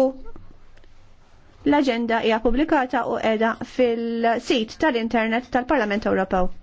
u l-agenda hija pubblikata u qiegħda fil-sit tal-internet tal-Parlament Ewropew.